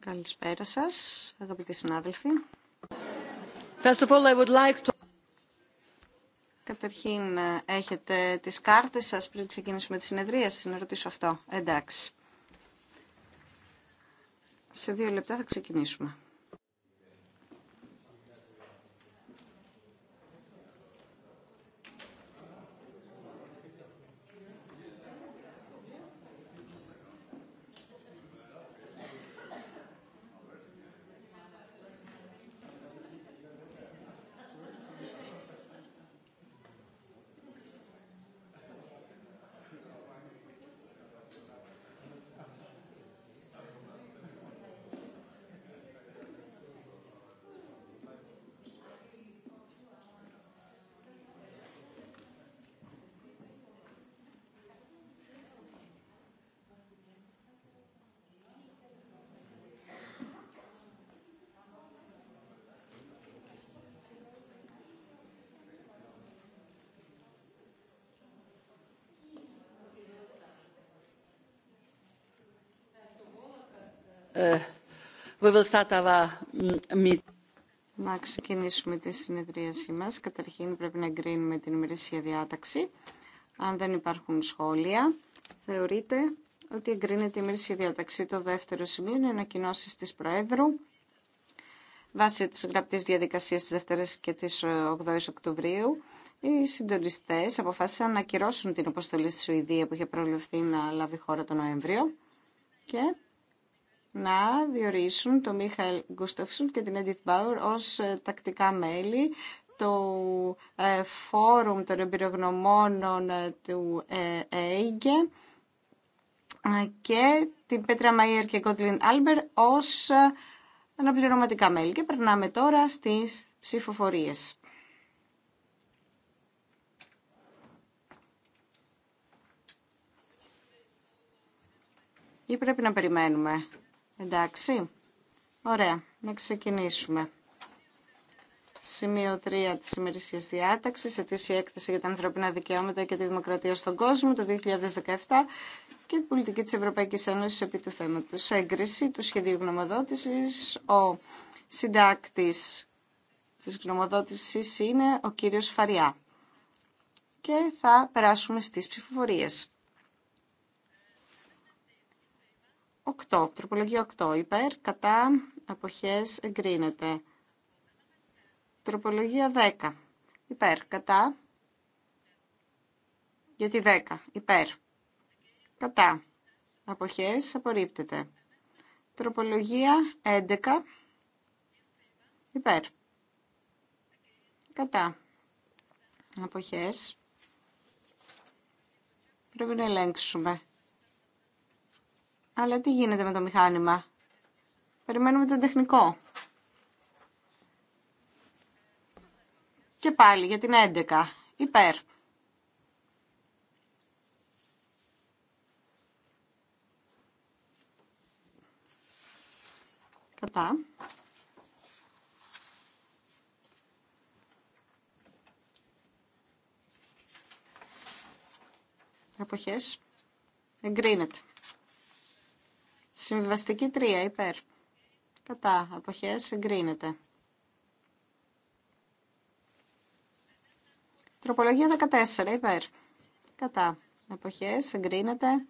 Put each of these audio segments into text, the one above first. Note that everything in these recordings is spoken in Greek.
Καλησπέρα σας, αγαπητοί συνάδελφοι. First of all, I would like to... Καταρχήν, ε, έχετε τις κάρτες σας πριν ξεκινήσουμε τη συνεδρία, να ρωτήσω αυτό. Εντάξει. Σε δύο λεπτά θα ξεκινήσουμε. We will start our mm, Να ξεκινήσουμε τη συνεδρίασή μας. Καταρχήν πρέπει να εγκρίνουμε την ημερήσια διάταξη. Αν δεν υπάρχουν σχόλια, θεωρείται ότι εγκρίνεται η ημερήσια διάταξη. Το δεύτερο σημείο είναι ανακοινώσει τη Προέδρου. Βάσει τη γραπτή διαδικασία τη Δευτέρα και τη 8 η Οκτωβρίου, οι συντονιστέ αποφάσισαν να ακυρώσουν την αποστολή στη Σουηδία που είχε προβλεφθεί να λάβει χώρα τον Νοέμβριο και να διορίσουν τον Μίχαελ Γκούσταυσον και την Edith Bauer ως ε, τακτικά μέλη του ε, Φόρουμ των Εμπειρογνωμόνων ε, του ΕΕ και την Πέτρα Μαϊέρ και Κότλιν Άλμπερ ως αναπληρωματικά μέλη. Και περνάμε τώρα στις ψηφοφορίες. Ή πρέπει να περιμένουμε. Εντάξει. Ωραία. Να ξεκινήσουμε. Σημείο 3 της ημερησίας διάταξης, ετήσια έκθεση για τα ανθρωπινά δικαιώματα και τη δημοκρατία στον κόσμο το 2017 και την πολιτική της Ευρωπαϊκής Ένωσης επί του θέματος. Έγκριση του σχεδίου γνωμοδότησης, ο συντάκτης της γνωμοδότησης είναι ο κύριος Φαριά. Και θα περάσουμε στις ψηφοφορίες. 8, τροπολογία 8, υπέρ, κατά, αποχές, εγκρίνεται. Τροπολογία 10, υπέρ, κατά, Γιατί 10, υπέρ, κατά, αποχές, απορρίπτεται. Τροπολογία 11, υπέρ, κατά, αποχές, πρέπει να ελέγξουμε. Αλλά τι γίνεται με το μηχάνημα. Περιμένουμε τον τεχνικό. Και πάλι για την 11. Υπέρ. Κατά. Εποχές. Εγκρίνεται. Συμβιβαστική 3 υπέρ. Κατά. Αποχές εγκρίνεται. Τροπολογία 14 υπέρ. Κατά. Αποχές συγκρίνεται.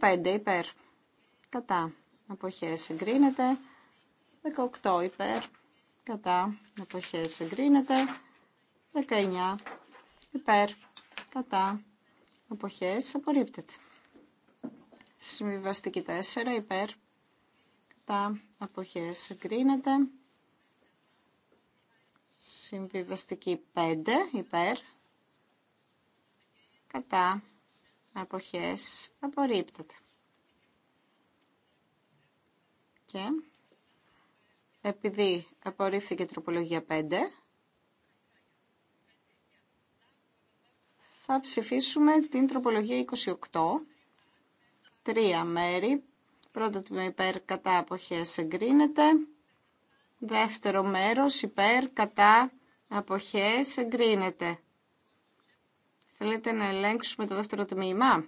15 υπέρ. Κατά. Αποχές εγκρίνεται. 18 υπέρ. Κατά. Αποχές εγκρίνεται. 19 υπέρ. Κατά. Αποχές απορρίπτεται. Συμβιβαστική 4 υπέρ τα αποχές εγκρίνεται. Συμβιβαστική 5 υπέρ κατά αποχές απορρίπτεται. Και επειδή απορρίφθηκε η τροπολογία 5, θα ψηφίσουμε την τροπολογία 28 τρία μέρη. Πρώτο τμήμα υπέρ κατά αποχές εγκρίνεται. Δεύτερο μέρος υπέρ κατά αποχές εγκρίνεται. Θέλετε να ελέγξουμε το δεύτερο τμήμα.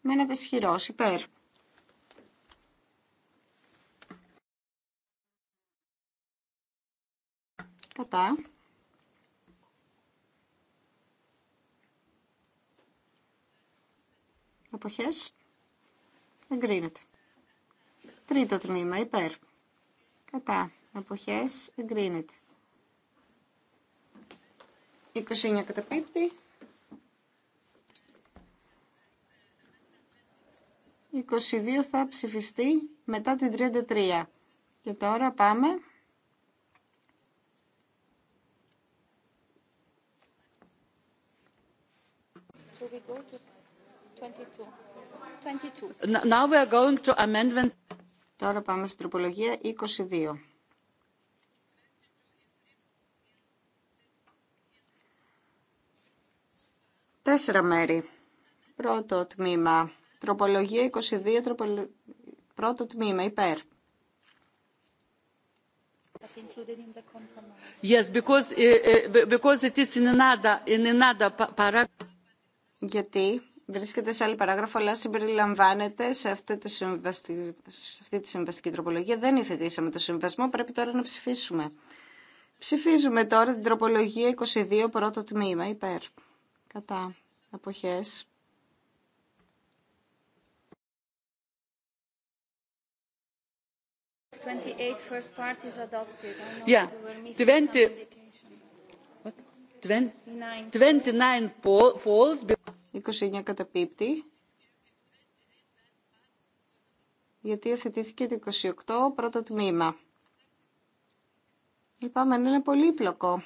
Μένετε σχηρός υπέρ. Κατά. εποχές, Εγκρίνεται. Τρίτο τμήμα. Υπέρ. Κατά. εποχές, Εγκρίνεται. 29 καταπίπτει. 22 θα ψηφιστεί μετά την 33. Και τώρα πάμε. Τώρα πάμε στην τροπολογία 22. Τέσσερα μέρη. Πρώτο τμήμα. Τροπολογία 22, πρώτο τμήμα, υπέρ. Yes, because, ε, ε, ε, because it is in another, in another... Γιατί βρίσκεται σε άλλη παράγραφο, αλλά συμπεριλαμβάνεται σε, αυτή τη συμβαστική τροπολογία. Δεν υθετήσαμε το συμβασμό, πρέπει τώρα να ψηφίσουμε. Ψηφίζουμε τώρα την τροπολογία 22, πρώτο τμήμα, υπέρ. Κατά. Αποχές. Yeah, 29 falls. 29 καταπίπτει. Γιατί αθετήθηκε το 28 πρώτο τμήμα. Λυπάμαι, είναι πολύπλοκο.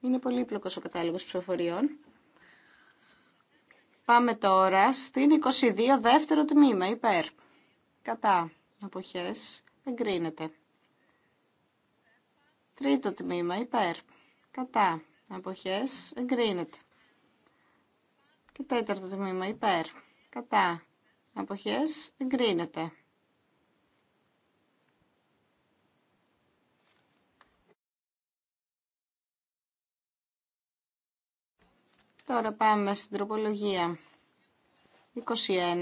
Είναι πολύπλοκος ο κατάλογος ψηφοφοριών. Πάμε τώρα στην 22 δεύτερο τμήμα, υπέρ. Κατά. Αποχές. Εγκρίνεται. Τρίτο τμήμα, υπέρ. Κατά. Αποχές εγκρίνεται. Και τέταρτο τμήμα υπέρ. Κατά. Αποχές εγκρίνεται. Τώρα πάμε στην τροπολογία 21.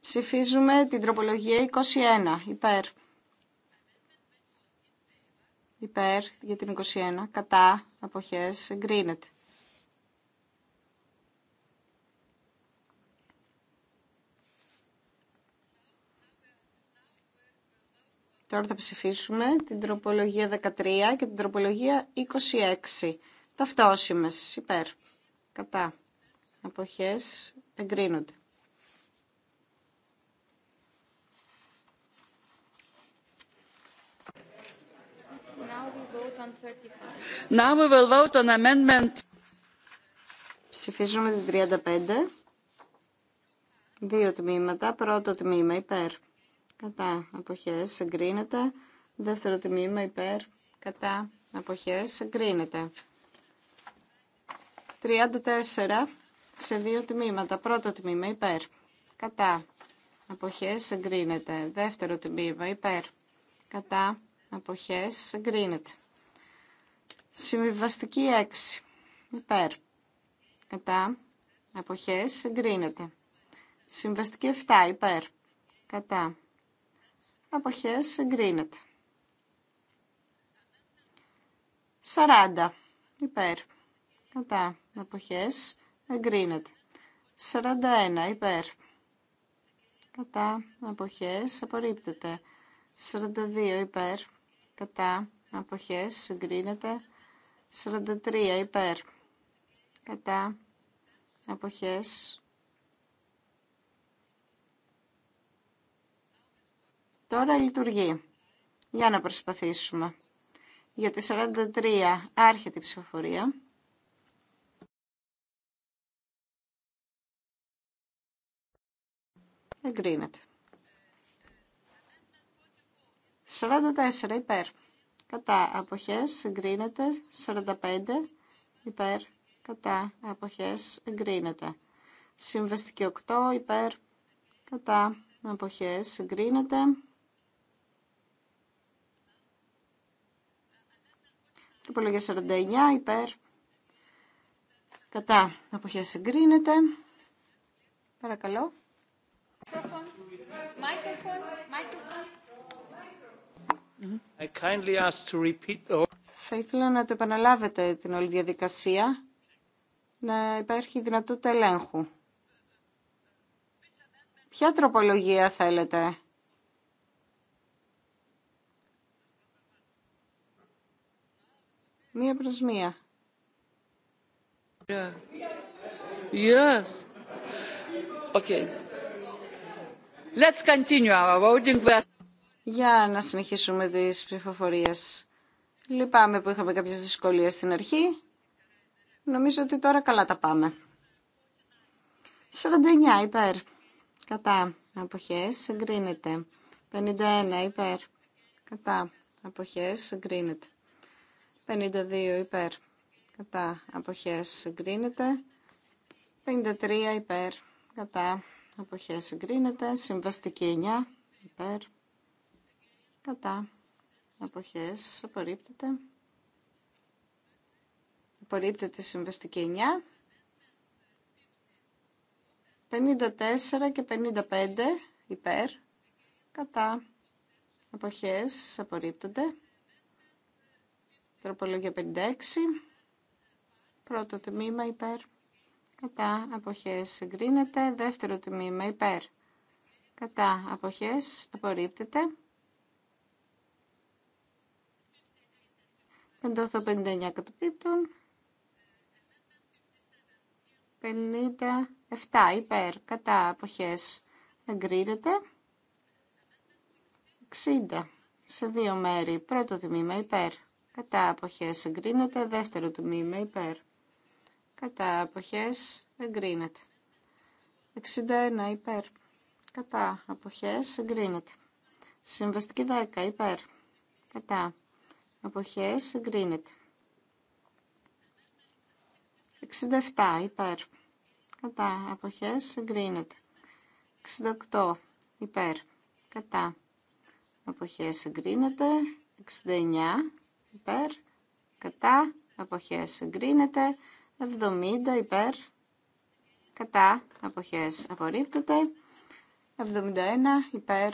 Ψηφίζουμε την τροπολογία 21. Υπέρ. Υπέρ για την 21. Κατά. Αποχές. Εγκρίνεται. Τώρα θα ψηφίσουμε την τροπολογία 13 και την τροπολογία 26 ταυτόσιμες υπέρ κατά εποχές εγκρίνονται. Now we will vote on amendment. Ψηφίζουμε την 35. Δύο τμήματα. Πρώτο τμήμα υπέρ. Κατά αποχές εγκρίνεται. Δεύτερο τμήμα υπέρ. Κατά αποχές εγκρίνεται. 34 σε δύο τμήματα. Πρώτο τμήμα υπέρ. Κατά. Αποχές συγκρίνεται. Δεύτερο τμήμα υπέρ. Κατά. Αποχές συγκρίνεται. Συμβιβαστική 6. Υπέρ. Κατά. Αποχές συγκρίνεται. Συμβαστική 7. Υπέρ. Κατά. Αποχές συγκρίνεται. 40. Υπέρ κατά εποχές, εγκρίνεται. 41 υπέρ κατά εποχές, απορρίπτεται. 42 υπέρ κατά εποχές, εγκρίνεται. 43 υπέρ κατά εποχές. Τώρα λειτουργεί. Για να προσπαθήσουμε. Για τη 43 άρχεται η ψηφοφορία. Εγκρίνεται. 44 υπέρ. Κατά αποχές εγκρίνεται. 45 υπέρ. Κατά αποχές εγκρίνεται. Συμβεστική 8 υπέρ. Κατά αποχές εγκρίνεται. Τροπολογία 49 υπέρ. Κατά αποχές εγκρίνεται. Παρακαλώ. Θα ήθελα να το επαναλάβετε την όλη διαδικασία, να υπάρχει δυνατότητα ελέγχου. Ποια τροπολογία θέλετε. Μία προς μία. Yeah. Yes. Okay. Για να συνεχίσουμε τις ψηφοφορίες. Λυπάμαι που είχαμε κάποιες δυσκολίε στην αρχή. Νομίζω ότι τώρα καλά τα πάμε. 49 υπέρ. Κατά. Αποχές συγκρίνεται. 51 υπέρ. Κατά. Αποχές συγκρίνεται. 52 υπέρ. Κατά. Αποχές εγκρίνεται. 53 υπέρ. Κατά. Αποχές συγκρίνεται, Συμβαστική 9. Υπέρ. Κατά. Αποχές απορρίπτεται. Απορρίπτεται συμβαστική 9. 54 και 55 υπέρ. Κατά. Αποχές απορρίπτονται. Τροπολογία 56. Πρώτο τμήμα υπέρ κατά συγκρίνεται. εγκρίνεται, δεύτερο τμήμα υπέρ, κατά αποχές απορρίπτεται, 58-59 κατοπίπτουν, 57 υπέρ, κατά αποχές εγκρίνεται, 60 σε δύο μέρη, πρώτο τμήμα υπέρ, κατά αποχές εγκρίνεται, δεύτερο τμήμα υπέρ κατά αποχές εγκρίνεται. 61 υπέρ, κατά αποχές εγκρίνεται. Συμβαστική 10 υπέρ, κατά αποχές εγκρίνεται. 67 υπέρ, κατά αποχές εγκρίνεται. 68 υπέρ, κατά αποχές εγκρίνεται. 69 υπέρ, κατά αποχές εγκρίνεται. 70 υπέρ κατά αποχές απορρίπτεται 71 υπέρ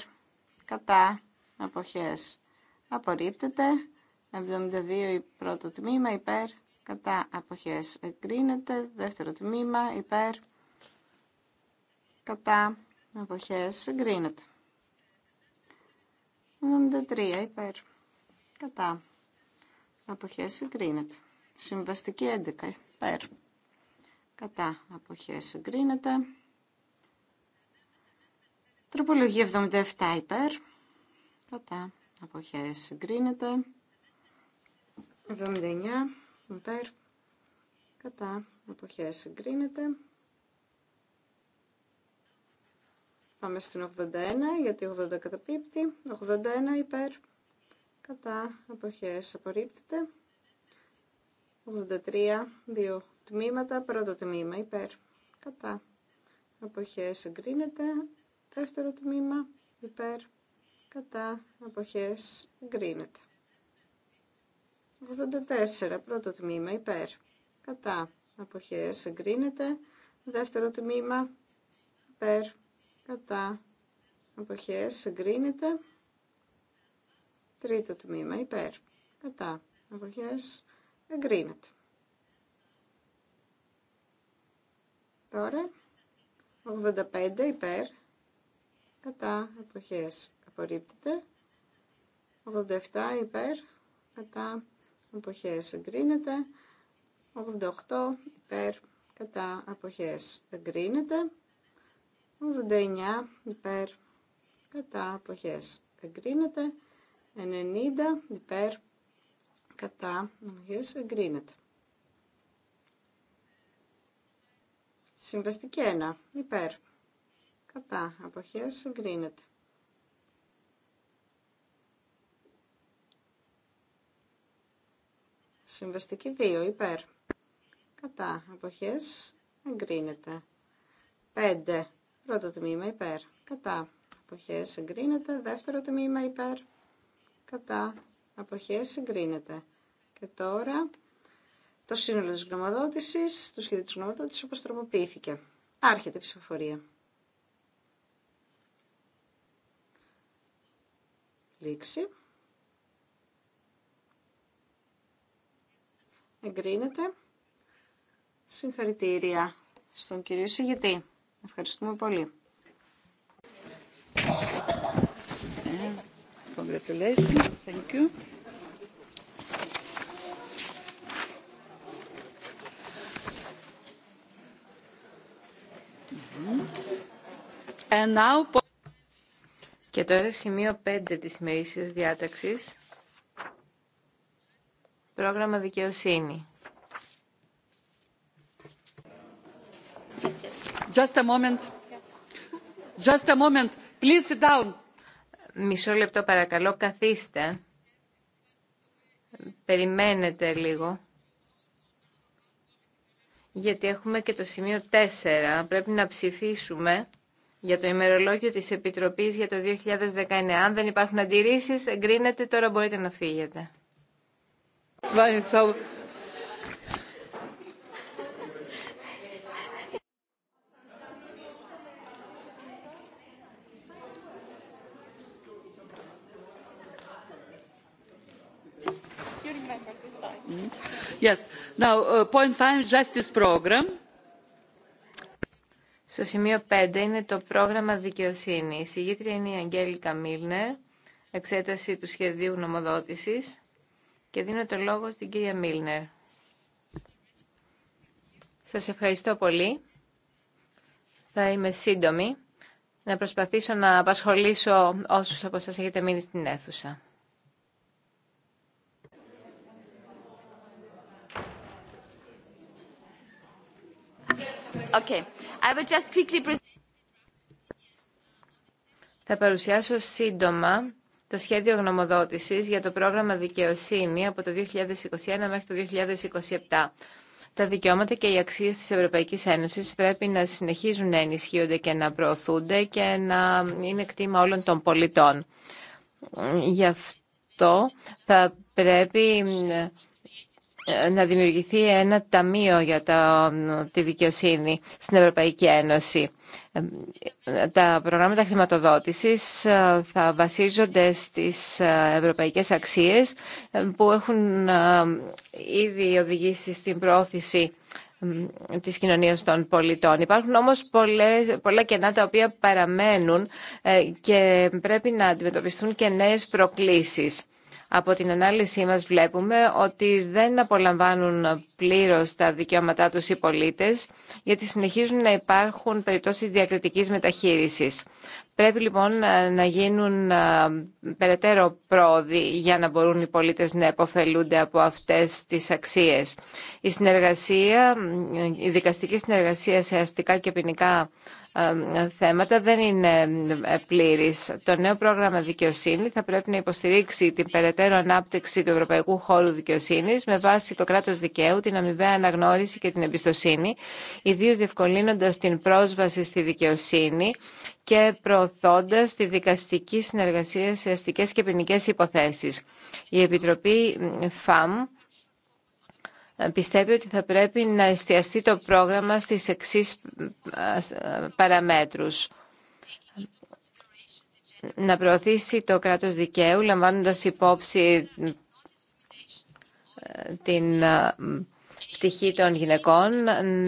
κατά αποχές απορρίπτεται 72 η πρώτο τμήμα υπέρ κατά αποχές εγκρίνεται δεύτερο τμήμα υπέρ κατά αποχές εγκρίνεται 73 υπέρ κατά αποχές εγκρίνεται συμβαστική 11 Κατά αποχές συγκρίνεται Τροπολογία 77 υπέρ. Κατά αποχές συγκρίνεται 79 υπέρ. Κατά αποχές συγκρίνεται Πάμε στην 81 γιατί 80 καταπίπτει. 81 υπέρ. Κατά αποχές απορρίπτεται. 83, δύο τμήματα, πρώτο τμήμα, υπέρ, κατά. Αποχές εγκρίνεται, δεύτερο τμήμα, υπέρ, κατά. Αποχές εγκρίνεται. 84, πρώτο τμήμα, υπέρ, κατά. Αποχές εγκρίνεται, δεύτερο τμήμα, υπέρ, κατά. Αποχές εγκρίνεται, τρίτο τμήμα, υπέρ, κατά. Αποχές Εγκρίνεται. Τώρα, 85 υπέρ, κατά εποχές απορρίπτεται. 87 υπέρ, κατά εποχές εγκρίνεται. 88 υπέρ, κατά εποχές εγκρίνεται. 89 υπέρ, κατά εποχές εγκρίνεται. 90 υπέρ, κατά αποχές εγκρίνεται. Συμβαστική 1. Υπέρ. Κατά. Αποχές εγκρίνεται. Συμβαστική 2. Υπέρ. Κατά. Αποχές εγκρίνεται. 5. Πρώτο τμήμα υπέρ. Κατά. Αποχές εγκρίνεται. Δεύτερο τμήμα υπέρ. Κατά. Αποχές εγκρίνεται. Και τώρα το σύνολο της γνωμοδότησης, το σχέδιο της γνωμοδότησης όπως τροποποιήθηκε. Άρχεται η ψηφοφορία. Λήξη. Εγκρίνεται. Συγχαρητήρια στον κύριο Συγητή. Ευχαριστούμε πολύ. Ε, congratulations. Thank you. Και τώρα σημείο 5 της ημερήσιας διάταξης. Πρόγραμμα δικαιοσύνη. Just a moment. Just a moment. Please sit down. Μισό λεπτό παρακαλώ, καθίστε. Περιμένετε λίγο. Γιατί έχουμε και το σημείο 4. Πρέπει να ψηφίσουμε για το ημερολόγιο της Επιτροπής για το 2019. Αν δεν υπάρχουν αντιρρήσεις, εγκρίνεται, τώρα μπορείτε να φύγετε. Yes. Now, uh, point five, justice program. Στο σημείο 5 είναι το πρόγραμμα δικαιοσύνη. Η συγγήτρια είναι η Αγγέλικα Μίλνερ, εξέταση του σχεδίου νομοδότησης και δίνω το λόγο στην κυρία Μίλνερ. Σας ευχαριστώ πολύ. Θα είμαι σύντομη να προσπαθήσω να απασχολήσω όσους από σας έχετε μείνει στην αίθουσα. Okay. Θα παρουσιάσω σύντομα το σχέδιο γνωμοδότησης για το πρόγραμμα δικαιοσύνη από το 2021 μέχρι το 2027. Τα δικαιώματα και οι αξίες της Ευρωπαϊκής Ένωσης πρέπει να συνεχίζουν να ενισχύονται και να προωθούνται και να είναι κτήμα όλων των πολιτών. Γι' αυτό θα πρέπει ε, να δημιουργηθεί ένα ταμείο για τη δικαιοσύνη στην Ευρωπαϊκή Ένωση. Ε, τα προγράμματα χρηματοδότησης ε, θα βασίζονται στις ευρωπαϊκές αξίες που έχουν ήδη οδηγήσει στην πρόθεση της κοινωνίας των πολιτών. Υπάρχουν όμως πολλές, πολλά κενά τα οποία παραμένουν και πρέπει να αντιμετωπιστούν και νέες προκλήσεις. Από την ανάλυση μας βλέπουμε ότι δεν απολαμβάνουν πλήρως τα δικαιώματά τους οι πολίτες, γιατί συνεχίζουν να υπάρχουν περιπτώσεις διακριτικής μεταχείρισης. Πρέπει λοιπόν ε, να γίνουν ε, περαιτέρω πρόοδοι για να μπορούν οι πολίτες να επωφελούνται από αυτές τις αξίες. Η συνεργασία, ε, η δικαστική συνεργασία σε αστικά και ποινικά θέματα δεν είναι ε, πλήρης. Το νέο πρόγραμμα δικαιοσύνη θα πρέπει να υποστηρίξει την περαιτέρω ανάπτυξη του ευρωπαϊκού χώρου Δικαιοσύνη με βάση το κράτος δικαίου, την αμοιβαία αναγνώριση και την εμπιστοσύνη, ιδίως διευκολύνοντας την πρόσβαση στη δικαιοσύνη και προωθώντα τη δικαστική συνεργασία σε αστικέ και ποινικέ υποθέσει. Η Επιτροπή ΦΑΜ πιστεύει ότι θα πρέπει να εστιαστεί το πρόγραμμα στις εξής παραμέτρους. Να προωθήσει το κράτος δικαίου, λαμβάνοντας υπόψη ε, την ε, πτυχή των γυναικών,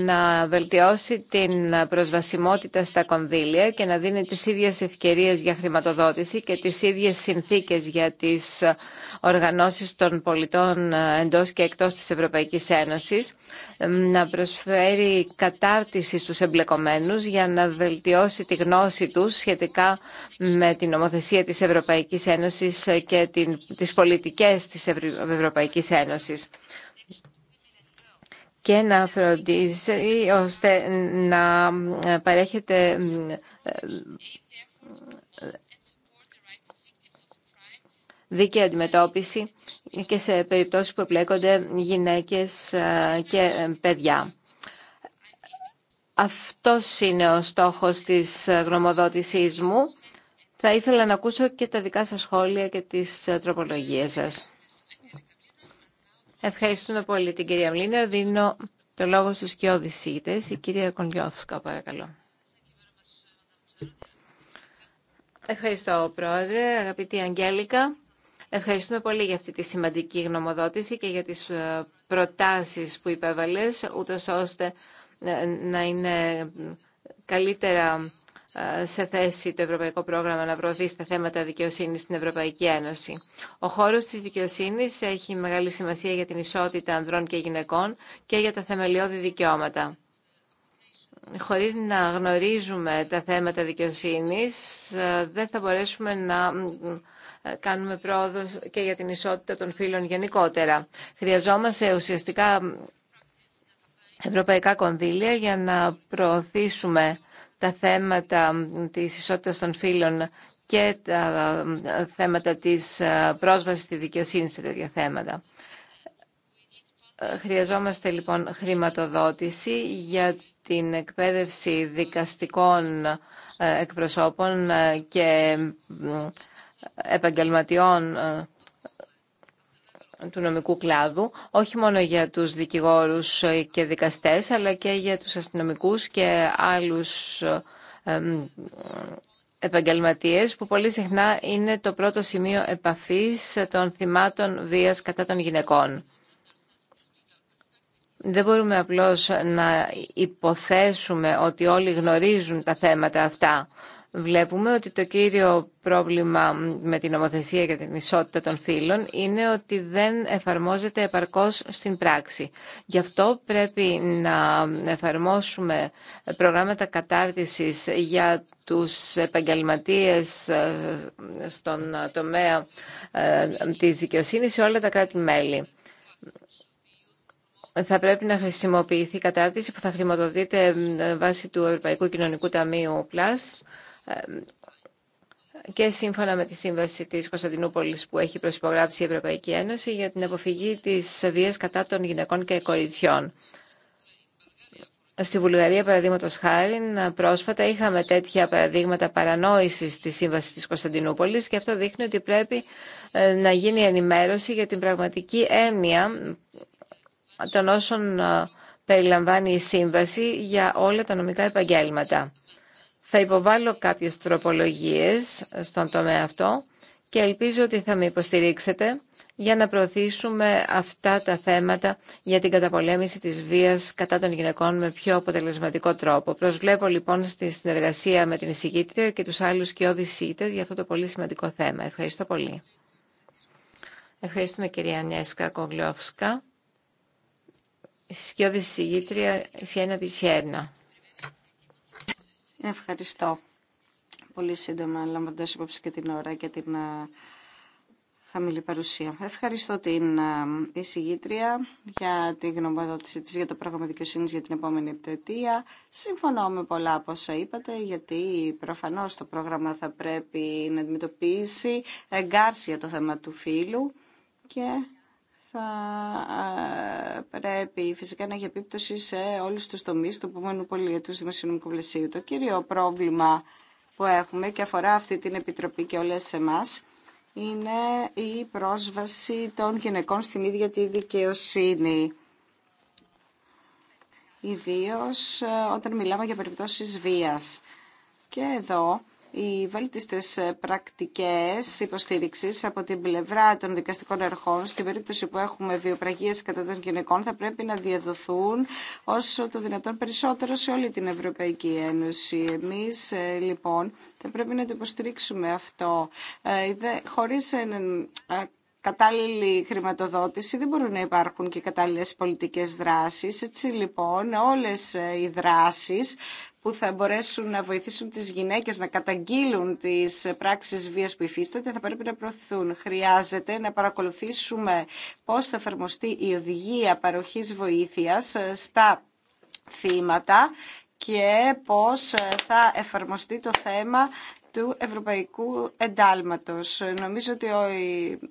να βελτιώσει την προσβασιμότητα στα κονδύλια και να δίνει τις ίδιες ευκαιρίες για χρηματοδότηση και τις ίδιες συνθήκες για τις οργανώσεις των πολιτών εντός και εκτός της Ευρωπαϊκής Ένωσης, να προσφέρει κατάρτιση στους εμπλεκομένους για να βελτιώσει τη γνώση τους σχετικά με την νομοθεσία της Ευρωπαϊκής Ένωσης και τις πολιτικές της Ευρωπαϊκής Ένωσης και να φροντίζει ώστε να ε, παρέχεται ε, δίκαιη αντιμετώπιση και σε περιπτώσεις που επλέκονται γυναίκες ε, και παιδιά. Αυτός είναι ο στόχος της γνωμοδότησής μου. Θα ήθελα να ακούσω και τα δικά σας σχόλια και τις τροπολογίες σας. Ευχαριστούμε πολύ την κυρία Μλίνερ. Δίνω το λόγο στους και οδησίτες. Η κυρία Κονλιόφσκα, παρακαλώ. Ευχαριστώ, Πρόεδρε. Αγαπητή Αγγέλικα, ευχαριστούμε πολύ για αυτή τη σημαντική γνωμοδότηση και για τις ε, προτάσεις που υπέβαλες, ούτως ώστε ε, να είναι ε, καλύτερα σε θέση το Ευρωπαϊκό Πρόγραμμα να προωθεί τα θέματα δικαιοσύνης στην Ευρωπαϊκή Ένωση. Ο χώρος της δικαιοσύνης έχει μεγάλη σημασία για την ισότητα ανδρών και γυναικών και για τα θεμελιώδη δικαιώματα. Χωρίς να γνωρίζουμε τα θέματα δικαιοσύνης, ε, δεν θα μπορέσουμε να ε, κάνουμε πρόοδο και για την ισότητα των φύλων γενικότερα. Χρειαζόμαστε ουσιαστικά ευρωπαϊκά κονδύλια για να προωθήσουμε τα θέματα της ισότητας των φύλων και τα θέματα της ε, πρόσβασης στη δικαιοσύνη σε τέτοια θέματα. Ε, χρειαζόμαστε λοιπόν χρηματοδότηση για την εκπαίδευση δικαστικών ε, εκπροσώπων και επαγγελματιών του νομικού κλάδου, όχι μόνο για τους δικηγόρους ε, και δικαστές, αλλά και για τους αστυνομικούς και άλλους ε, επαγγελματίες που πολύ συχνά είναι το πρώτο σημείο επαφής των θυμάτων βίας κατά των γυναικών. Δεν μπορούμε απλώς να υποθέσουμε ότι όλοι γνωρίζουν τα θέματα αυτά. Βλέπουμε ότι το κύριο πρόβλημα με την νομοθεσία για την ισότητα των φύλων είναι ότι δεν εφαρμόζεται επαρκώς στην πράξη. Γι' αυτό πρέπει να εφαρμόσουμε προγράμματα κατάρτισης για τους επαγγελματίες ε, στον τομέα ε, της δικαιοσύνης σε όλα τα κράτη-μέλη θα πρέπει να χρησιμοποιηθεί κατάρτιση που θα χρηματοδοτείται ε, βάσει του Ευρωπαϊκού Κοινωνικού Ταμείου Plus και σύμφωνα με τη σύμβαση της Κωνσταντινούπολης που έχει προσυπογράψει η Ευρωπαϊκή Ένωση για την αποφυγή της βίας κατά των γυναικών και κοριτσιών. Στη Βουλγαρία, παραδείγματο χάρη, πρόσφατα είχαμε τέτοια παραδείγματα παρανόηση τη Σύμβαση τη Κωνσταντινούπολη και αυτό δείχνει ότι πρέπει ε, να γίνει ενημέρωση για την πραγματική έννοια των όσων ε, περιλαμβάνει η Σύμβαση για όλα τα νομικά επαγγέλματα. Θα υποβάλω κάποιες τροπολογίες στον τομέα αυτό και ελπίζω ότι θα με υποστηρίξετε για να προωθήσουμε αυτά τα θέματα για την καταπολέμηση της βίας κατά των γυναικών με πιο αποτελεσματικό τρόπο. Προσβλέπω λοιπόν στη συνεργασία με την εισηγήτρια και τους άλλους και οδησίτες για αυτό το πολύ σημαντικό θέμα. Ευχαριστώ πολύ. Ευχαριστούμε κυρία Νιέσκα Κογλιόφσκα. Σκιώδη εισηγήτρια Σιένα Πισιέρνα. Ευχαριστώ. Πολύ σύντομα, λαμβάνοντας υπόψη και την ώρα και την ε, χαμηλή παρουσία. Ευχαριστώ την ε, εισηγήτρια για τη γνωμοδότησή της για το πρόγραμμα δικαιοσύνη για την επόμενη επιτετία. Συμφωνώ με πολλά από όσα είπατε, γιατί προφανώς το πρόγραμμα θα πρέπει να αντιμετωπίσει εγκάρσια το θέμα του φύλου και θα πρέπει φυσικά να έχει επίπτωση σε όλους τους τομείς του επόμενου πολιετού δημοσιονομικού πλαισίου. Το κύριο πρόβλημα που έχουμε και αφορά αυτή την Επιτροπή και όλες εμάς είναι η πρόσβαση των γυναικών στην ίδια τη δικαιοσύνη. Ιδίως ε, όταν μιλάμε για περιπτώσεις βίας. Και εδώ οι βέλτιστες ε, πρακτικές υποστήριξης από την πλευρά των δικαστικών αρχών στην περίπτωση που έχουμε βιοπραγίες κατά των γυναικών θα πρέπει να διαδοθούν όσο το δυνατόν περισσότερο σε όλη την Ευρωπαϊκή Ένωση. Εμείς ε, λοιπόν θα πρέπει να το υποστηρίξουμε αυτό ε, χωρίς κατάλληλη χρηματοδότηση δεν μπορούν να υπάρχουν και κατάλληλες πολιτικές δράσεις. Έτσι λοιπόν όλες οι δράσεις που θα μπορέσουν να βοηθήσουν τις γυναίκες να καταγγείλουν τις πράξεις βίας που υφίσταται θα πρέπει να προωθηθούν. Χρειάζεται να παρακολουθήσουμε πώς θα εφαρμοστεί η οδηγία παροχής βοήθειας ε, στα θύματα και πώς ε, θα εφαρμοστεί το θέμα του ευρωπαϊκού εντάλματος. Νομίζω ότι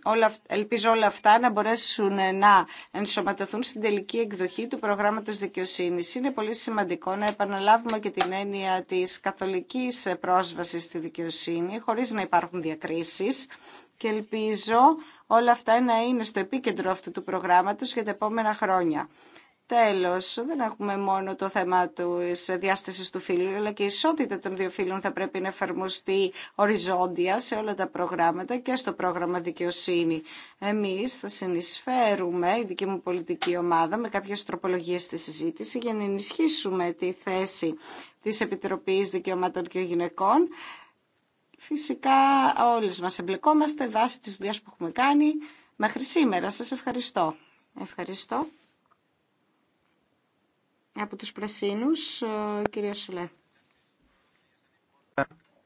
όλα, ελπίζω όλα αυτά να μπορέσουν ε, να ενσωματωθούν στην τελική εκδοχή του προγράμματος δικαιοσύνης. Είναι πολύ σημαντικό να επαναλάβουμε και την έννοια της καθολικής ε, πρόσβασης στη δικαιοσύνη χωρίς να υπάρχουν διακρίσεις και ελπίζω όλα αυτά να είναι στο επίκεντρο αυτού του προγράμματος για τα επόμενα χρόνια. Τέλος, δεν έχουμε μόνο το θέμα της διάσταση του φύλου, αλλά και η ισότητα των δύο φύλων θα πρέπει να εφαρμοστεί οριζόντια σε όλα τα προγράμματα και στο πρόγραμμα δικαιοσύνη. Εμείς θα συνεισφέρουμε, η δική μου πολιτική ομάδα, με κάποιες τροπολογίες στη συζήτηση για να ενισχύσουμε τη θέση της Επιτροπής Δικαιωμάτων και Γυναικών. Φυσικά όλες μας εμπλεκόμαστε βάσει της δουλειάς που έχουμε κάνει μέχρι σήμερα. Σας ευχαριστώ. Ευχαριστώ. Από τους Πρασίνους, ο κύριος Σουλέ.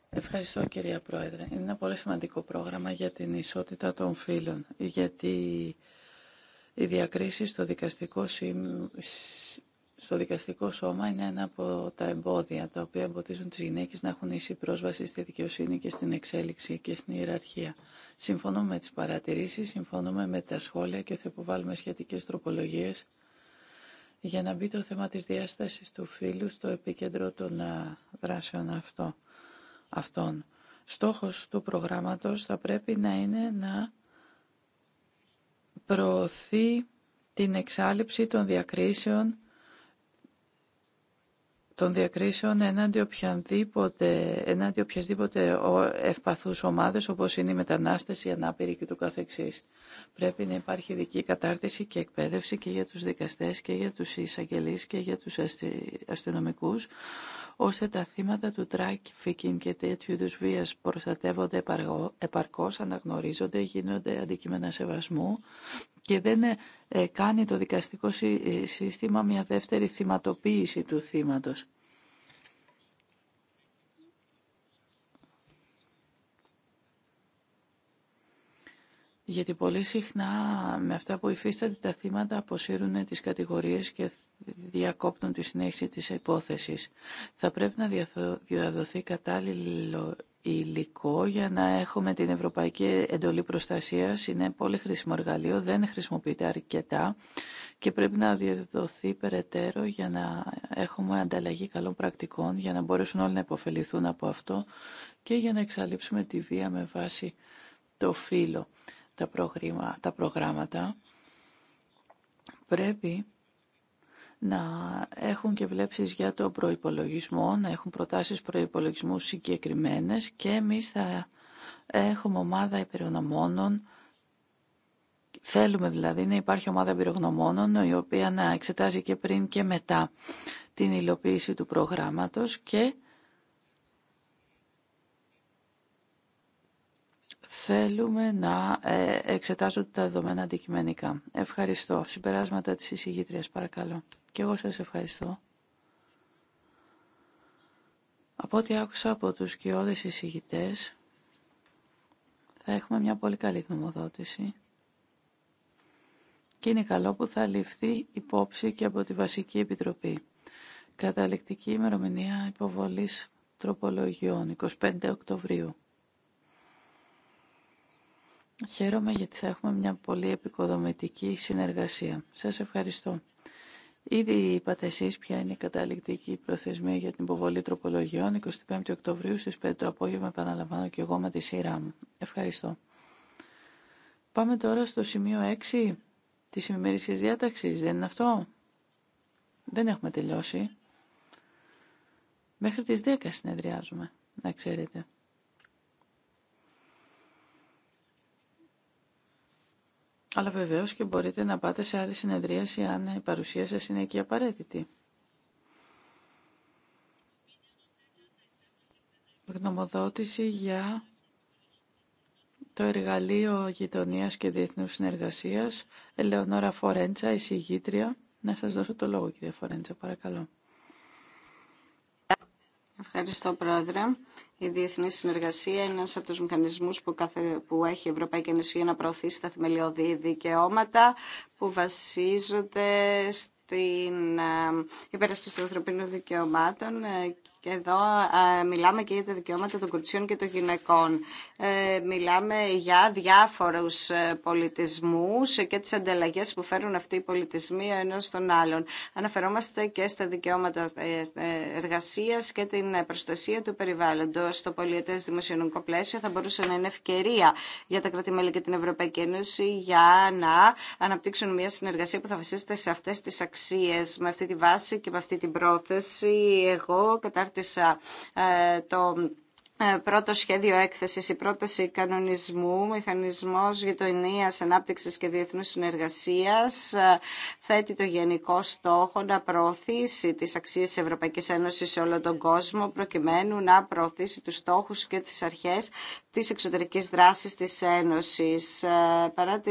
Ευχαριστώ κυρία Πρόεδρε. Είναι ένα πολύ σημαντικό πρόγραμμα για την ισότητα των φύλων, γιατί η διακρίση στο δικαστικό, στο δικαστικό σώμα είναι ένα από τα εμπόδια τα οποία εμποδίζουν τις γυναίκες να έχουν ίση πρόσβαση στη δικαιοσύνη και στην εξέλιξη και στην ιεραρχία. Συμφωνούμε με τις παρατηρήσεις, συμφωνούμε με τα σχόλια και θα υποβάλουμε σχετικές τροπολογίες για να μπει το θέμα της διάστασης του φύλου στο επίκεντρο των ε, δράσεων αυτό, αυτών. Στόχος του προγράμματος θα πρέπει να είναι να προωθεί την εξάλληψη των διακρίσεων των διακρίσεων έναντι οποιασδήποτε, ευπαθού οποιασδήποτε ευπαθούς ομάδες όπως είναι οι μετανάστες, οι ανάπηροι και του καθεξής. Πρέπει να υπάρχει ειδική κατάρτιση και εκπαίδευση και για τους δικαστές και για τους εισαγγελείς και για τους αστυνομικούς ώστε τα θύματα του τράφικινγκ και τέτοιου είδου βία προστατεύονται επαρκώ, αναγνωρίζονται, γίνονται αντικείμενα σεβασμού και δεν ε, ε, κάνει το δικαστικό ε, σύστημα μια δεύτερη θυματοποίηση του θύματος. Γιατί πολύ συχνά με αυτά που υφίσταται τα θύματα αποσύρουν τις κατηγορίες και διακόπτουν τη συνέχιση της υπόθεσης. Θα πρέπει να διαδοθεί κατάλληλο υλικό για να έχουμε την Ευρωπαϊκή Εντολή Προστασίας. Είναι πολύ χρήσιμο εργαλείο, δεν χρησιμοποιείται αρκετά και πρέπει να διαδοθεί περαιτέρω για να έχουμε ανταλλαγή καλών πρακτικών, για να μπορέσουν όλοι να υποφεληθούν από αυτό και για να εξαλείψουμε τη βία με βάση το φύλλο. Τα, τα προγράμματα πρέπει να έχουν και βλέψεις για το προϋπολογισμό, να έχουν προτάσεις προϋπολογισμού συγκεκριμένες και εμείς θα έχουμε ομάδα υπερογνωμόνων, Θέλουμε δηλαδή να υπάρχει ομάδα υπερογνωμόνων η οποία να εξετάζει και πριν και μετά την υλοποίηση του προγράμματος και Θέλουμε να ε, εξετάζονται τα δεδομένα αντικειμενικά. Ευχαριστώ. Συμπεράσματα της εισηγήτριας, παρακαλώ. Και εγώ σας ευχαριστώ. Από ό,τι άκουσα από τους κοιόδες εισηγητές, θα έχουμε μια πολύ καλή γνωμοδότηση. Και είναι καλό που θα ληφθεί υπόψη και από τη Βασική Επιτροπή. Καταληκτική ημερομηνία υποβολής τροπολογιών, 25 Οκτωβρίου. Χαίρομαι γιατί θα έχουμε μια πολύ επικοδομητική συνεργασία. Σας ευχαριστώ. Ήδη είπατε εσεί ποια είναι η καταληκτική προθεσμία για την υποβολή τροπολογιών 25 Οκτωβρίου στις 5 το απόγευμα επαναλαμβάνω και εγώ με τη σειρά μου. Ευχαριστώ. Πάμε τώρα στο σημείο 6 της ημερήσιας διάταξης. Δεν είναι αυτό. Δεν έχουμε τελειώσει. Μέχρι τις 10 συνεδριάζουμε, να ξέρετε. Αλλά βεβαίως και μπορείτε να πάτε σε άλλη συνεδρίαση αν η παρουσία σας είναι εκεί απαραίτητη. Γνωμοδότηση για το Εργαλείο Γειτονίας και Διεθνούς Συνεργασίας. Ελεονόρα Φορέντσα, εισηγήτρια. Να σας δώσω το λόγο, κυρία Φορέντσα, παρακαλώ. Ευχαριστώ, Πρόεδρε. Η διεθνή συνεργασία είναι ένα από του μηχανισμού που, που έχει η Ευρωπαϊκή Ένωση για να προωθήσει τα θεμελιώδη δικαιώματα που βασίζονται στην ε, υπερασπίση των ανθρωπίνων δικαιωμάτων ε, εδώ μιλάμε και για τα δικαιώματα των κουρτσιών και των γυναικών. Ε, μιλάμε για διάφορους ε, πολιτισμούς και τις ανταλλαγές που φέρουν αυτοί οι πολιτισμοί ο ενός στον άλλον. Αναφερόμαστε και στα δικαιώματα ε, εργασίας και την προστασία του περιβάλλοντος. Στο πολιετές δημοσιονομικό πλαίσιο θα μπορούσε να είναι ευκαιρία για τα κρατη και την Ευρωπαϊκή Ένωση για να αναπτύξουν μια συνεργασία που θα βασίζεται σε αυτές τις αξίες. Με αυτή τη βάση και με αυτή την πρόθεση εγώ κατά. Ε, το ε, πρώτο σχέδιο έκθεσης, η πρόταση κανονισμού, μηχανισμός γειτονία, ανάπτυξης και διεθνούς συνεργασίας ε, θέτει το γενικό στόχο να προωθήσει τις αξίες της Ευρωπαϊκής Ένωσης σε όλο τον κόσμο προκειμένου να προωθήσει τους στόχους και τις αρχές της εξωτερικής δράσης της Ένωσης. Ε, παρά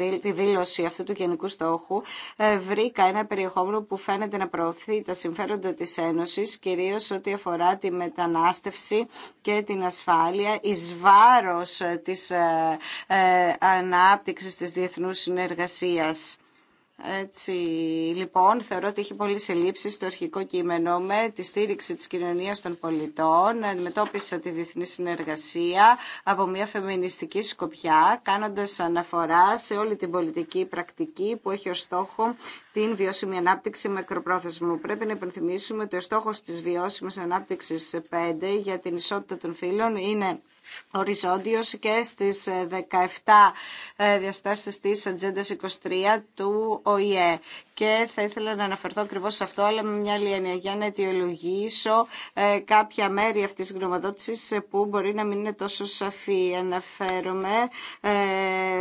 ε, τη δήλωση αυτού του γενικού στόχου, ε, βρήκα ένα περιεχόμενο που φαίνεται να προωθεί τα συμφέροντα της Ένωσης, κυρίως ό,τι αφορά τη μετανάστευση και την ασφάλεια, εις βάρος της ανάπτυξης της διεθνούς συνεργασίας. Έτσι, λοιπόν, θεωρώ ότι έχει πολλέ ελλείψει στο αρχικό κείμενο. Με τη στήριξη τη κοινωνία των πολιτών, αντιμετώπισα τη διεθνή συνεργασία από μια φεμινιστική σκοπιά, κάνοντα αναφορά σε όλη την πολιτική πρακτική που έχει ω στόχο την βιώσιμη ανάπτυξη μακροπρόθεσμου. Πρέπει να υπενθυμίσουμε ότι ο στόχο τη βιώσιμη ανάπτυξη 5 για την ισότητα των φύλων είναι οριζόντιος και στις 17 ε, ε, διαστάσεις της Ατζέντα 23 του ΟΗΕ. Και θα ήθελα να αναφερθώ ακριβώ σε αυτό, αλλά με μια άλλη έννοια, για να αιτιολογήσω ε, κάποια μέρη αυτής τη γνωματότησης που μπορεί να μην είναι τόσο σαφή. Αναφέρομαι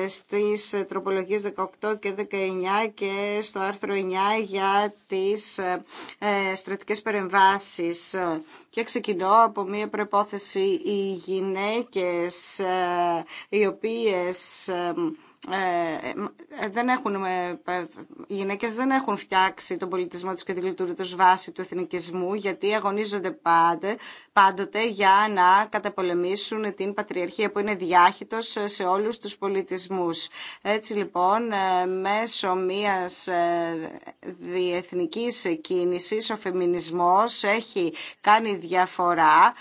στις τροπολογίες 18 και 19 και στο άρθρο 9 για τις στρατικέ παρεμβάσει. Και ξεκινώ από μια προπόθεση οι γυναίκε γυναίκες ε, οι οποίες ε, ε, ε, δεν έχουν, ε, οι γυναίκες δεν έχουν φτιάξει τον πολιτισμό τους και τη λειτουργία τους βάση του εθνικισμού γιατί αγωνίζονται πάντε, πάντοτε για να καταπολεμήσουν την πατριαρχία που είναι διάχυτος σε όλους τους πολιτισμούς. Έτσι λοιπόν μέσω μιας διεθνικής κίνησης ο φεμινισμός έχει κάνει διαφορά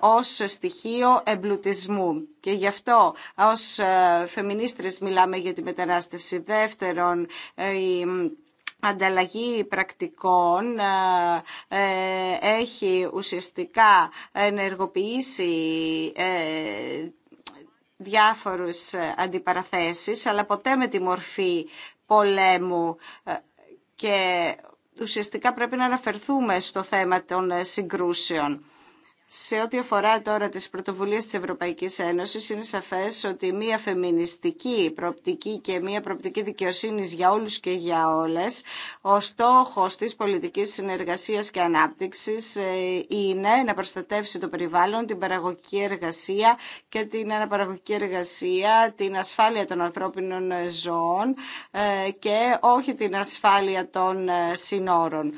ως στοιχείο εμπλουτισμού και γι' αυτό ως φεμινίστρες μιλάμε για τη μετανάστευση. Δεύτερον, ε, η ανταλλαγή πρακτικών ε, ε, έχει ουσιαστικά ενεργοποιήσει διάφορους αντιπαραθέσεις, αλλά ποτέ με τη μορφή πολέμου και ουσιαστικά πρέπει να αναφερθούμε στο θέμα των συγκρούσεων. Σε ό,τι αφορά τώρα τις πρωτοβουλίες της Ευρωπαϊκής Ένωσης, είναι σαφές ότι μία φεμινιστική προοπτική και μία προοπτική δικαιοσύνης για όλους και για όλες, ο στόχος της πολιτικής συνεργασίας και ανάπτυξης ε, είναι να προστατεύσει το περιβάλλον, την παραγωγική εργασία και την αναπαραγωγική εργασία, την ασφάλεια των ανθρώπινων ζώων ε, και όχι την ασφάλεια των ε, συνόρων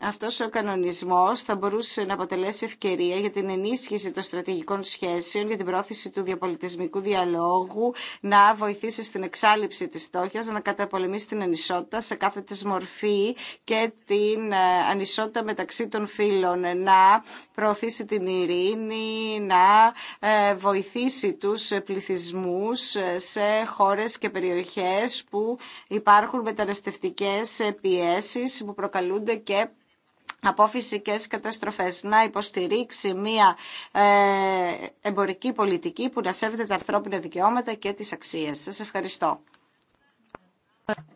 αυτός ο κανονισμός θα μπορούσε να αποτελέσει ευκαιρία για την ενίσχυση των στρατηγικών σχέσεων, για την πρόθεση του διαπολιτισμικού διαλόγου, να βοηθήσει στην εξάλληψη της στόχιας, να καταπολεμήσει την ανισότητα σε κάθε της μορφή και την ε, ανισότητα μεταξύ των φύλων, να προωθήσει την ειρήνη, να ε, βοηθήσει τους πληθυσμούς ε, σε χώρες και περιοχές που υπάρχουν μεταναστευτικές πιέσεις που προκαλούνται και από φυσικές καταστροφές να υποστηρίξει μια ε, εμπορική πολιτική που να σέβεται τα ανθρώπινα δικαιώματα και τις αξίες. Σας ευχαριστώ.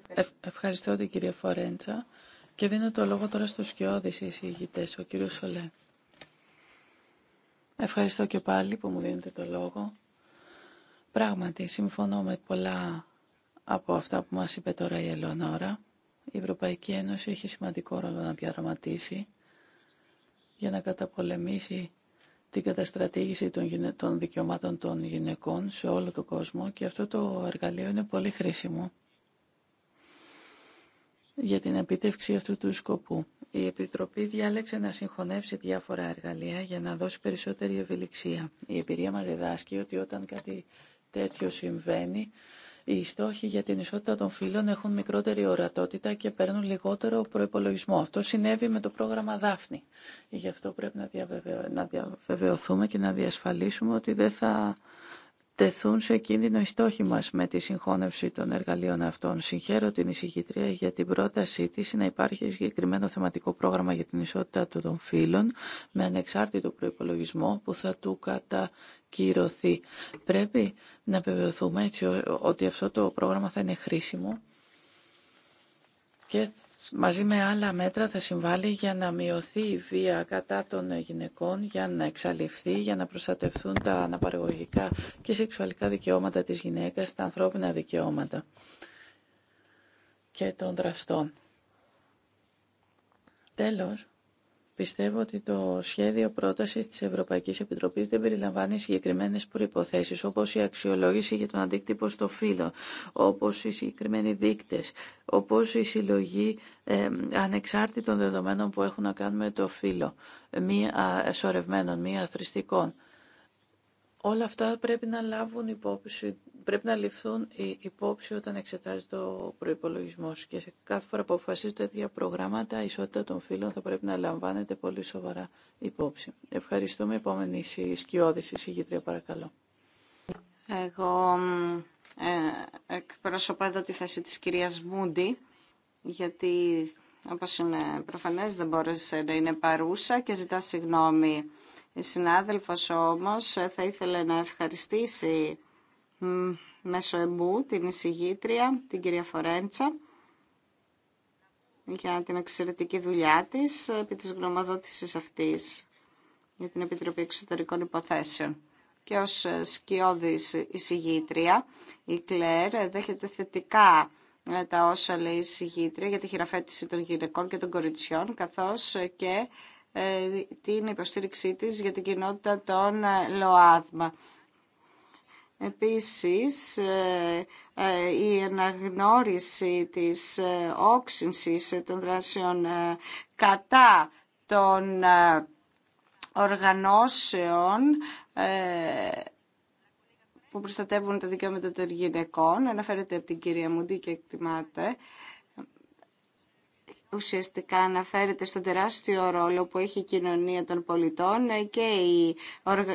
Ε, ευχαριστώ την κυρία Φορέντσα και δίνω το λόγο τώρα στους σκιώδεις εισηγητές, ο κύριος Σολέ. Ευχαριστώ και πάλι που μου δίνετε το λόγο. Πράγματι, συμφωνώ με πολλά από αυτά που μας είπε τώρα η Ελεονόρα η Ευρωπαϊκή Ένωση έχει σημαντικό ρόλο να διαδραματίσει για να καταπολεμήσει την καταστρατήγηση των, δικαιωμάτων των γυναικών σε όλο τον κόσμο και αυτό το εργαλείο είναι πολύ χρήσιμο για την επίτευξη αυτού του σκοπού. Η Επιτροπή διάλεξε να συγχωνεύσει διάφορα εργαλεία για να δώσει περισσότερη ευελιξία. Η εμπειρία μας διδάσκει ότι όταν κάτι τέτοιο συμβαίνει, οι στόχοι για την ισότητα των φύλων έχουν μικρότερη ορατότητα και παίρνουν λιγότερο προπολογισμό. Αυτό συνέβη με το πρόγραμμα Δάφνη. Γι' αυτό πρέπει να διαβεβαιωθούμε και να διασφαλίσουμε ότι δεν θα τεθούν σε κίνδυνο οι στόχοι μα με τη συγχώνευση των εργαλείων αυτών. Συγχαίρω την εισηγητρία για την πρότασή τη, να υπάρχει συγκεκριμένο θεματικό πρόγραμμα για την ισότητα των φύλων με ανεξάρτητο προπολογισμό που θα του κατακυρωθεί. Πρέπει να βεβαιωθούμε έτσι ότι αυτό το πρόγραμμα θα είναι χρήσιμο και μαζί με άλλα μέτρα θα συμβάλλει για να μειωθεί η βία κατά των γυναικών, για να εξαλειφθεί, για να προστατευτούν τα αναπαραγωγικά και σεξουαλικά δικαιώματα της γυναίκας, τα ανθρώπινα δικαιώματα και των δραστών. Τέλος, Πιστεύω ότι το σχέδιο πρόταση τη Ευρωπαϊκή Επιτροπή δεν περιλαμβάνει συγκεκριμένε προποθέσει, όπω η αξιολόγηση για τον αντίκτυπο στο φύλλο, όπω οι συγκεκριμένοι δείκτε, όπω η συλλογή ανεξάρτητων δεδομένων που έχουν να κάνουν με το φύλλο, μη σωρευμένων, μη αθρηστικών. Όλα αυτά πρέπει να λάβουν υπόψη, πρέπει να ληφθούν υπόψη όταν εξετάζεται το προπολογισμό. Και κάθε φορά που αποφασίζονται τέτοια προγράμματα, η ισότητα των φύλων θα πρέπει να λαμβάνεται πολύ σοβαρά υπόψη. Ευχαριστούμε. Επόμενη σκιώδη συγγήτρια, παρακαλώ. Εγώ ε, εκπροσωπώ εδώ τη θέση της κυρίας Μούντι, γιατί όπως είναι προφανές δεν μπόρεσε να είναι παρούσα και ζητά συγγνώμη η συνάδελφος όμως θα ήθελε να ευχαριστήσει μέσω εμπού την εισηγήτρια, την κυρία Φορέντσα, για την εξαιρετική δουλειά της επί της γνωμοδότησης αυτής για την Επιτροπή Εξωτερικών Υποθέσεων. Και ως σκιώδης εισηγήτρια, η Κλέρ δέχεται θετικά ε, τα όσα λέει η εισηγήτρια για τη χειραφέτηση των γυναικών και των κοριτσιών, καθώς και ε, την υποστήριξή της για την κοινότητα των ε, ΛΟΑΔΜΑ. Επίσης, ε, η αναγνώριση της όξυνσης των δράσεων κατά των οργανώσεων που προστατεύουν τα δικαιώματα των γυναικών, αναφέρεται από την κυρία Μουντή και εκτιμάται, ουσιαστικά αναφέρεται στον τεράστιο ρόλο που έχει η κοινωνία των πολιτών ε, και οι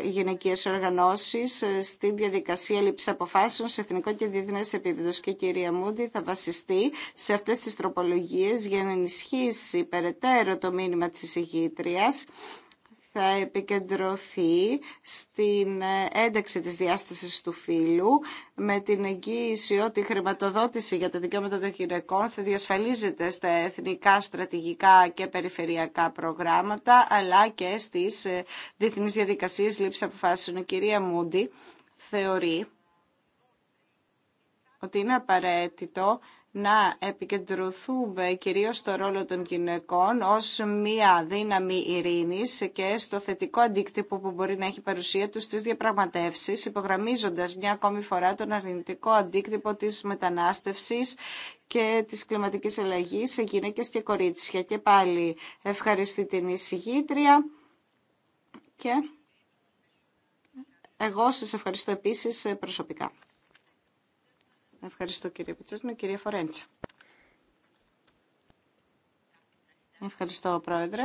γυναικείες οργανώσεις ε, στη διαδικασία λήψης αποφάσεων σε εθνικό και διεθνές επίπεδο. Και η κυρία Μούντι θα βασιστεί σε αυτές τις τροπολογίες για να ενισχύσει περαιτέρω το μήνυμα της εισηγήτριας θα επικεντρωθεί στην ένταξη της διάστασης του φύλου με την εγγύηση ότι η χρηματοδότηση για τα δικαιώματα των γυναικών θα διασφαλίζεται στα εθνικά, στρατηγικά και περιφερειακά προγράμματα αλλά και στις ε, διεθνείς διαδικασίες λήψη αποφάσεων. Η κυρία Μούντι θεωρεί ότι είναι απαραίτητο να επικεντρωθούμε κυρίως στο ρόλο των γυναικών ως μία δύναμη ειρήνης και στο θετικό αντίκτυπο που μπορεί να έχει παρουσία τους στις διαπραγματεύσεις, υπογραμμίζοντας μια ακόμη φορά τον αρνητικό αντίκτυπο της μετανάστευσης και της κλιματικής αλλαγής σε γυναίκες και κορίτσια. Και πάλι ευχαριστή την εισηγήτρια και εγώ σας ευχαριστώ επίσης προσωπικά. Ευχαριστώ κύριε Πιτσέρνο. Κυρία Φορέντσα. Ευχαριστώ πρόεδρε.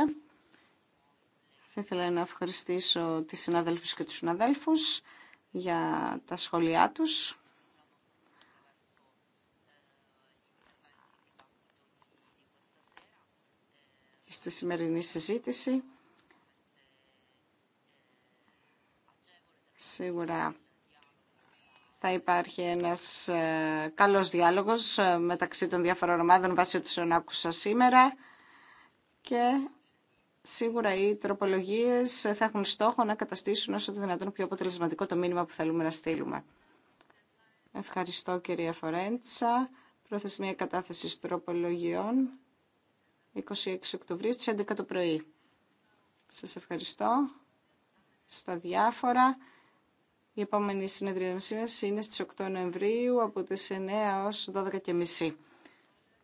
Θα ήθελα να ευχαριστήσω τις συναδέλφους και τους συναδέλφους για τα σχόλιά τους. στη σημερινή συζήτηση. Σίγουρα θα υπάρχει ένας ε, καλός διάλογος ε, μεταξύ των διάφορων ομάδων βάσει του άκουσα σήμερα και σίγουρα οι τροπολογίες ε, θα έχουν στόχο να καταστήσουν όσο το δυνατόν πιο αποτελεσματικό το μήνυμα που θέλουμε να στείλουμε. Ευχαριστώ κυρία Φορέντσα. Προθεσμία κατάθεσης τροπολογιών 26 Οκτωβρίου στις 11 το πρωί. Σας ευχαριστώ. Στα διάφορα. Η επόμενη συνεδρία μας είναι στις 8 Νοεμβρίου από τις 9 ως 12.30.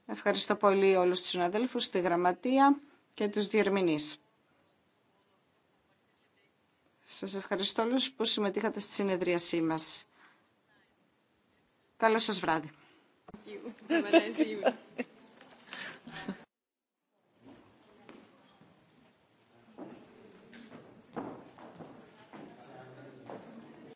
Ευχαριστώ πολύ όλους τους συναδέλφους, τη Γραμματεία και τους διερμηνείς. Σας ευχαριστώ όλους που συμμετείχατε στη συνεδρίασή μας. Καλό σας βράδυ.